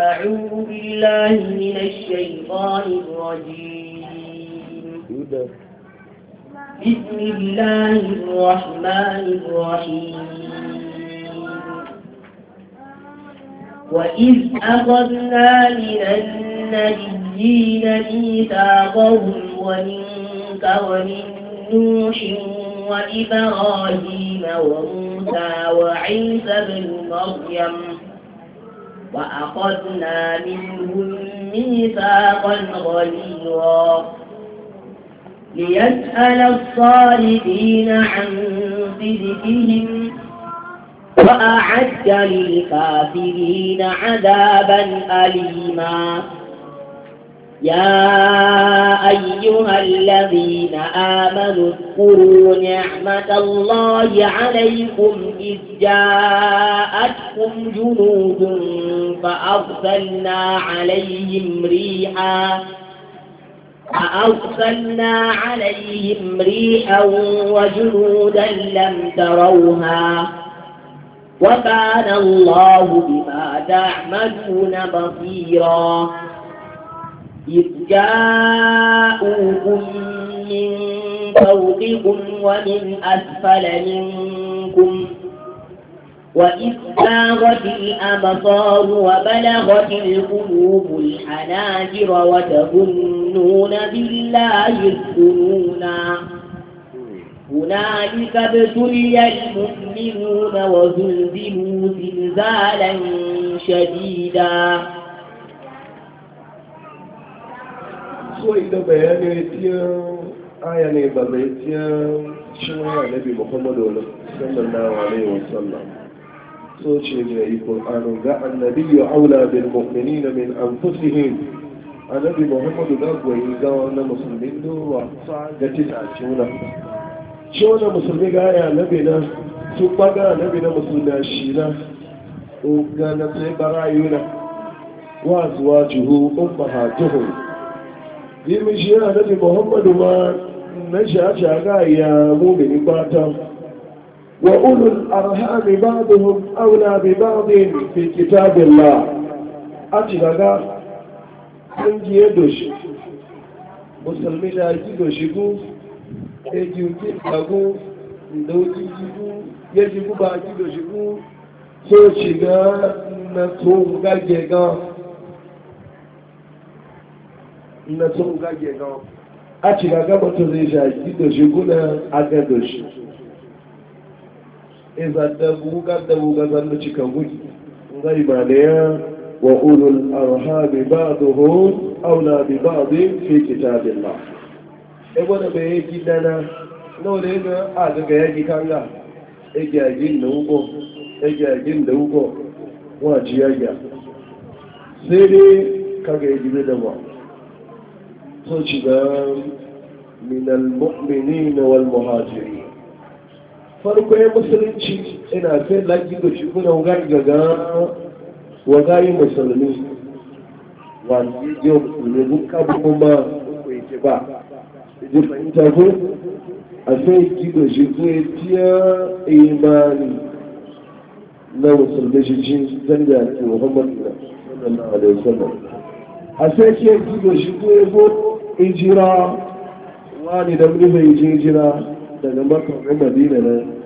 أعوذ بالله من الشيطان الرجيم بسم الله الرحمن الرحيم وإذ أخذنا من النبيين ميثاقهم ومنك ومن نوح وإبراهيم وموسى وعيسى بن مريم وأخذنا منهم ميثاقا غليظا ليسأل الصالحين عن صدقهم وأعد للكافرين عذابا أليما يا أيها الذين آمنوا اذكروا نعمة الله عليكم إذ جاءتكم جنود فأرسلنا عليهم ريحا فأرسلنا عليهم ريحا وجنودا لم تروها وكان الله بما تعملون بصيرا إذ جاءوكم من فوقكم ومن أسفل منكم وإذ زاغت الأبصار وبلغت القلوب الحناجر وتظنون بالله الظنونا هنالك ابتلي المؤمنون وزلزلوا زلزالا شديدا so ita bayanai tiyan aya ne ba zai tiyan cewa nabi muhammadu sallallahu wa wasallam so ce ne yi ƙur'anu ga annabi ya aula bil mu'minina min anfusihim annabi muhammadu ga goyi ga wannan musulmin durwa ga titace wannan shi wannan musulmi ga aya nabi na su ɓaga nabi na musulmi shi na ga na sai barayuna wa zuwa juhu ummahatuhum bí mi ṣe àdájì muhammadu ma mẹ́ṣẹ́ àṣà àgáyà múmi ní pátá wa ulul arhami ba'dhum awla bi ba'dhin fi kitabillah àti gàgá ƙungiyar doshi musulmi da doshi òjì ìgbàgú ìdá doshi na na sun gage gawa a cika gaba to zai shaji da shi kuna a gado shi iza da buga da buga zan da cika gudu zai ba da ya wa ulul arhami ba e da hun aula bi ba da fi kitabin ba e gwada bai yi gidana na wani ga a daga yaki kanga e gyagin da ugo e gyagin da ugo wa ciyayya sai dai kaga ya gibe da ba سوشيغان من المؤمنين والمهاجرين farko ya musulunci ina sai lagi da shi kuna wani gaga wa gayi musulmi wani yau musulmi buka kuma ko yake ba ji fahimta ko a sai ki da shi ko ya tiya imani na musulmi shi jin zanga ke muhammadu sallallahu alaihi wasallam sai ke gizo shi ko ya zo ijira wani da mulkin jira daga makon madina nan